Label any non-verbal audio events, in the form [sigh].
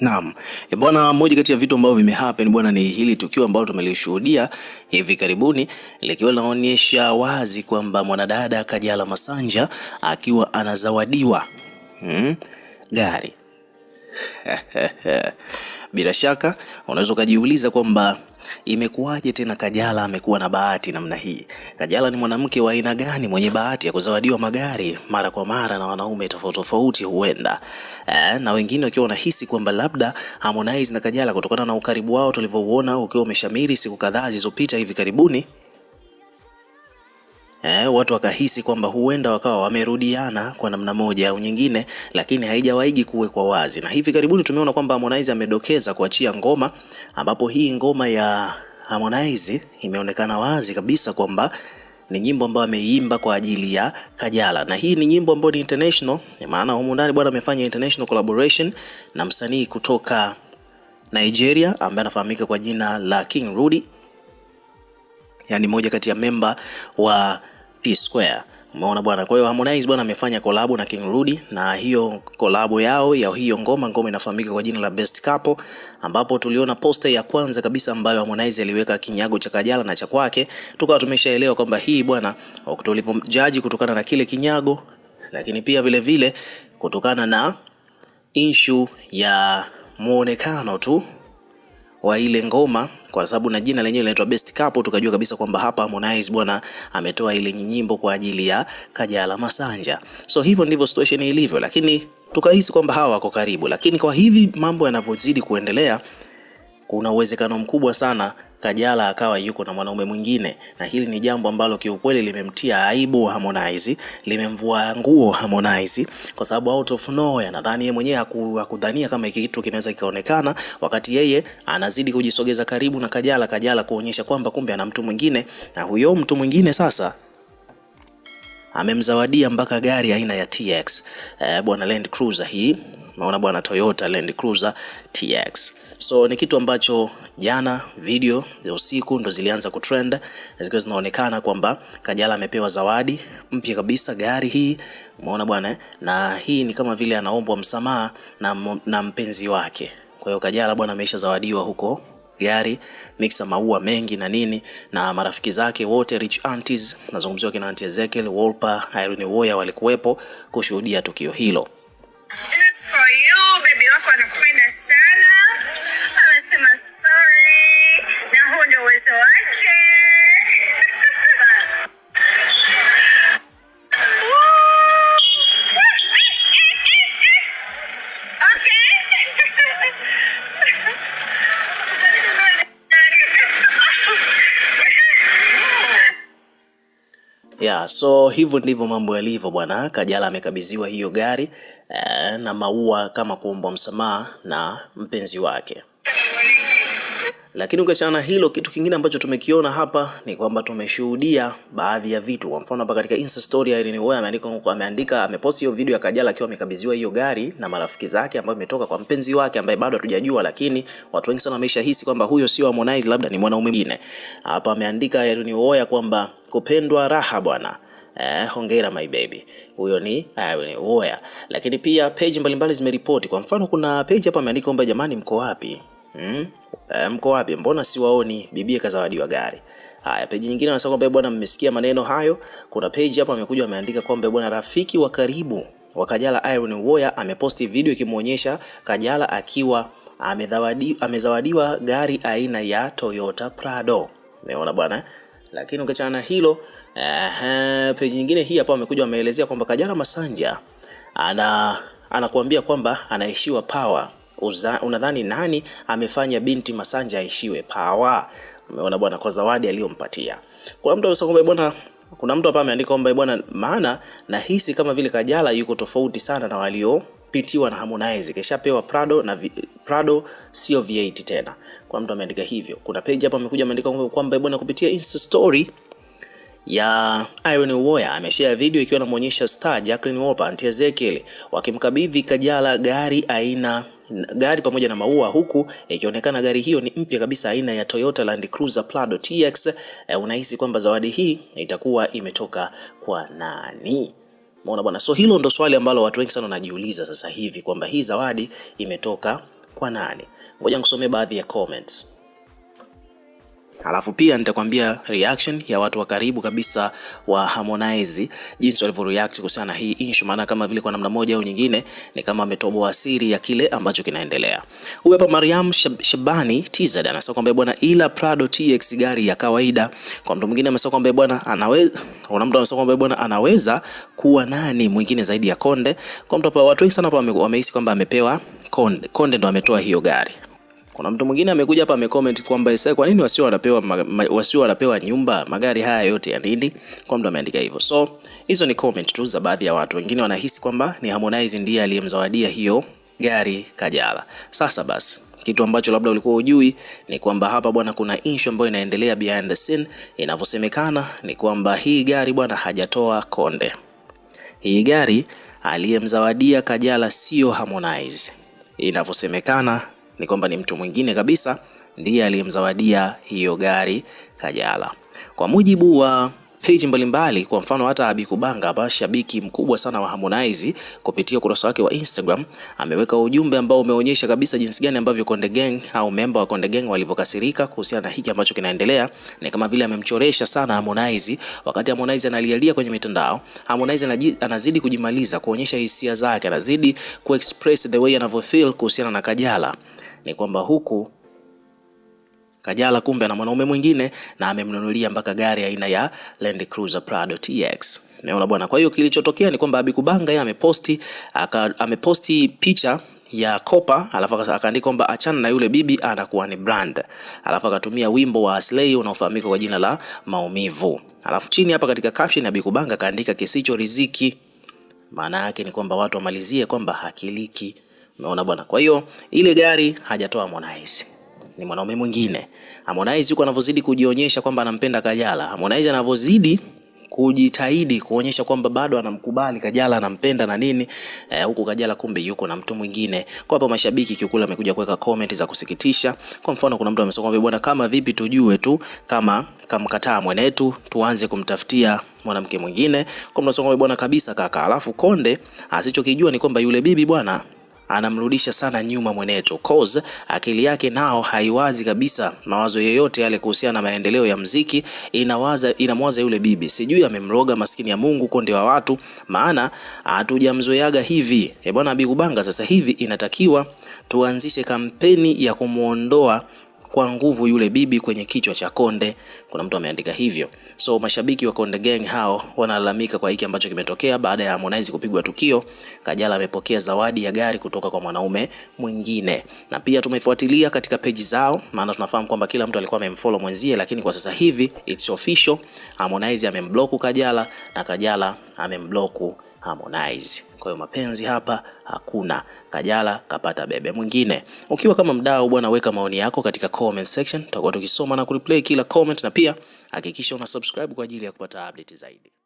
Naam. E, bwana, moja kati ya vitu ambavyo vimehappen bwana ni hili tukio ambalo tumelishuhudia hivi karibuni likiwa linaonyesha wazi kwamba mwanadada Kajala Masanja akiwa anazawadiwa hmm, gari. [laughs] Bila shaka unaweza ukajiuliza kwamba imekuwaje tena Kajala amekuwa na bahati namna hii? Kajala ni mwanamke wa aina gani mwenye bahati ya kuzawadiwa magari mara kwa mara na wanaume tofauti tofauti, huenda eh, na wengine wakiwa wanahisi kwamba labda Harmonize na Kajala kutokana na ukaribu wao tulivyouona ukiwa umeshamiri siku kadhaa zilizopita hivi karibuni eh, watu wakahisi kwamba huenda wakawa wamerudiana kwa namna moja au nyingine, lakini haijawahi kuwekwa wazi. Na hivi karibuni tumeona kwamba Harmonize amedokeza kuachia ngoma, ambapo hii ngoma ya Harmonize imeonekana wazi kabisa kwamba ni nyimbo ambayo ameimba kwa ajili ya Kajala, na hii ni nyimbo ambayo ni international, maana humu ndani bwana amefanya international collaboration na msanii kutoka Nigeria ambaye anafahamika kwa jina la King Rudy, yani moja kati ya memba wa P Square. Umeona bwana. Kwa hiyo Harmonize bwana amefanya collab na King Rudy na hiyo collab yao ya hiyo ngoma, ngoma inafahamika kwa jina la Best Couple, ambapo tuliona posta ya kwanza kabisa ambayo Harmonize aliweka kinyago cha Kajala na cha kwake, tukawa tumeshaelewa kwamba hii bwana, judge kutokana na kile kinyago, lakini pia vile vile kutokana na issue ya muonekano tu wa ile ngoma kwa sababu na jina lenyewe linaitwa Best Couple, tukajua kabisa kwamba hapa Harmonize bwana ametoa ile nyimbo kwa ajili ya Kajala Masanja. So hivyo ndivyo situation ilivyo, lakini tukahisi kwamba hawa wako karibu, lakini kwa hivi mambo yanavyozidi kuendelea, kuna uwezekano mkubwa sana Kajala akawa yuko na mwanaume mwingine, na hili ni jambo ambalo kiukweli limemtia aibu Harmonize, limemvua nguo Harmonize, kwa sababu out of nowhere, nadhani yeye mwenyewe hakudhania kama hiki kitu kinaweza kikaonekana, wakati yeye anazidi kujisogeza karibu na Kajala, Kajala kuonyesha kwamba kumbe ana mtu mwingine, na huyo mtu mwingine sasa amemzawadia mpaka gari aina ya TX, e, eh, bwana Land Cruiser hii, maona bwana Toyota Land Cruiser TX. So ni kitu ambacho jana video za usiku ndo zilianza kutrend zikiwa zinaonekana kwamba Kajala amepewa zawadi mpya kabisa, gari hii, umeona bwana, eh? na hii ni kama vile anaombwa msamaha na, na mpenzi wake. Kwa hiyo Kajala bwana ameisha zawadiwa huko gari mixa maua mengi na nini na marafiki zake wote rich aunties, nazungumziwa kina auntie Ezekiel Wolper, Irene Woya walikuwepo kushuhudia tukio hilo. Eh, Yeah, so hivyo ndivyo mambo yalivyo bwana. Kajala amekabidhiwa hiyo gari eh, na maua kama kuomba msamaha na mpenzi wake. Lakini ukiachana na hilo, kitu kingine ambacho tumekiona hapa ni kwamba tumeshuhudia baadhi ya vitu. Kwa mfano hapa katika Insta story ya Irene Uwoya ameandika ameandika ameposti hiyo video ya Kajala akiwa amekabidhiwa hiyo gari na marafiki zake, ambayo imetoka kwa mpenzi wake ambaye bado hatujajua, lakini watu wengi sana wameshahisi kwamba huyo sio Harmonize, labda ni mwanaume mwingine. Hapa ameandika Irene Uwoya kwamba kupendwa raha bwana. Eh, hongera my baby. Huyo ni eh, Irene Uwoya. Lakini pia page mbalimbali zimeripoti. Kwa mfano kuna page hapa ameandika kwamba jamani, mko wapi? Hmm? Eh, mko wapi? Mbona siwaoni? Bibie kazawadiwa gari. Haya, peji nyingine anasema kwamba eh, bwana, mmesikia maneno hayo. Kuna peji hapa amekuja ameandika kwamba eh, bwana, rafiki wa karibu wa Kajala Iron Warrior ameposti video ikimwonyesha Kajala akiwa amezawadi, amezawadiwa gari aina ya Toyota Prado. Umeona bwana? Lakini ukiachana na hilo, ehe, peji nyingine hii hapa amekuja ameelezea kwamba Kajala Masanja ana anakuambia kwamba anaishiwa power unadhani nani amefanya binti Masanja aishiwe pawa? Umeona bwana, kwa zawadi aliyompatia. Kuna mtu amesema kwamba bwana kuna mtu hapa ameandika kwamba bwana, maana nahisi kama vile Kajala yuko tofauti sana na waliopitiwa na Harmonize, kishapewa Prado na vi, Prado sio V8 tena. Kuna mtu ameandika hivyo. Kuna page hapa amekuja ameandika kwamba bwana, kupitia Insta story ya Iron Warrior ameshare video ikiwa inamuonyesha star Jacqueline Wolper anti Ezekiel wakimkabidhi Kajala gari aina gari pamoja na maua, huku ikionekana gari hiyo ni mpya kabisa aina ya Toyota Land Cruiser Prado TX. Eh, unahisi kwamba zawadi hii itakuwa imetoka kwa nani? Umeona bwana, so hilo ndo swali ambalo watu wengi sana wanajiuliza sasa hivi kwamba hii zawadi imetoka kwa nani. Ngoja nikusomee baadhi ya comments. Alafu pia nitakwambia reaction ya watu wa karibu kabisa wa Harmonize jinsi walivyo react kuhusiana na hii issue, maana kama vile kwa namna moja au nyingine ni kama ametoboa siri ya kile ambacho kinaendelea. Huyu hapa Mariam Shabani TZ anasema kwamba bwana, ila Prado TX gari ya kawaida. Kwa mtu mwingine amesema kwamba bwana anaweza, kuna mtu amesema kwamba bwana anaweza kuwa nani mwingine zaidi ya Konde. Kwa mtu hapa, watu wengi sana hapa wamehisi kwamba amepewa Konde, Konde ndo ametoa hiyo gari. Kuna mtu mwingine amekuja hapa amecomment kwamba Isaya, kwa nini wasio wanapewa wasio wanapewa nyumba magari haya yote ya nini? Kwa mtu ameandika hivyo. So hizo ni comment tu za baadhi ya watu, wengine wanahisi kwamba ni Harmonize ndiye aliyemzawadia hiyo gari Kajala. Sasa basi kitu ambacho labda ulikuwa ujui ni kwamba hapa bwana, kuna issue ambayo inaendelea behind the scene. Inavyosemekana ni kwamba hii gari bwana, hajatoa konde. Hii gari aliyemzawadia Kajala sio Harmonize, inavyosemekana ni kwamba ni mtu mwingine kabisa ndiye aliyemzawadia hiyo gari Kajala. Kwa mujibu wa page mbalimbali, kwa mfano hata Abi Kubanga hapa, shabiki mkubwa sana wa Harmonize, kupitia ukurasa wake wa Instagram ameweka ujumbe ambao umeonyesha kabisa jinsi gani ambavyo Konde Gang au memba wa Konde Gang walivyokasirika kuhusiana na hiki ambacho kinaendelea. Ni kama vile amemchoresha sana Harmonize, wakati Harmonize analialia kwenye mitandao, Harmonize anazidi kujimaliza, kuonyesha hisia zake, anazidi kuexpress the way anavyo feel kuhusiana na Kajala ni kwamba huku Kajala kumbe na mwanaume mwingine na amemnunulia mpaka gari aina ya, ya Land Cruiser Prado TX. Unaona bwana, kwa hiyo kilichotokea ni kwamba Abikubanga yeye ameposti ameposti picha ya Kopa alafu akaandika kwamba achana na yule bibi anakuwa ni brand, alafu akatumia wimbo wa Aslay unaofahamika kwa jina la Maumivu, alafu chini hapa katika caption Abikubanga kaandika kisicho riziki. Maana yake ni kwamba watu wamalizie kwamba hakiliki. Umeona bwana. Kwa hiyo ile gari hajatoa Harmonize, ni mwanaume mwingine. Harmonize yuko anavyozidi kujionyesha kwamba anampenda Kajala, Harmonize anavyozidi kujitahidi kuonyesha kwamba bado anamkubali Kajala, anampenda na nini eh, huku Kajala kumbe yuko na mtu mwingine. Kwa hapa mashabiki kiukula amekuja kuweka comment za kusikitisha. Kwa mfano, kuna mtu amesema kwamba bwana, kama vipi tujue tu kama kamkataa mwenetu tuanze kumtafutia mwanamke mwingine. Kwa mnasema bwana, kabisa kaka. Alafu Konde asichokijua ni kwamba yule bibi bwana anamrudisha sana nyuma mwenetu cause akili yake nao haiwazi kabisa mawazo yoyote yale kuhusiana na maendeleo ya mziki, inawaza inamwaza yule bibi. Sijui amemroga maskini ya Mungu, konde wa watu, maana hatujamzoeaga hivi. E bwana Bigubanga, sasa hivi inatakiwa tuanzishe kampeni ya kumwondoa kwa nguvu yule bibi kwenye kichwa cha Konde. Kuna mtu ameandika hivyo. So mashabiki wa Konde Gang hao wanalalamika kwa hiki ambacho kimetokea baada ya Harmonize kupigwa tukio. Kajala amepokea zawadi ya gari kutoka kwa mwanaume mwingine, na pia tumefuatilia katika peji zao, maana tunafahamu kwamba kila mtu alikuwa amemfollow mwenzie, lakini kwa sasa hivi it's official, Harmonize amemblock Kajala na Kajala amemblock Harmonize. Kwa hiyo mapenzi hapa hakuna. Kajala kapata bebe mwingine. Ukiwa kama mdau bwana, weka maoni yako katika comment section, tutakuwa tukisoma na kureplay kila comment, na pia hakikisha una subscribe kwa ajili ya kupata update zaidi.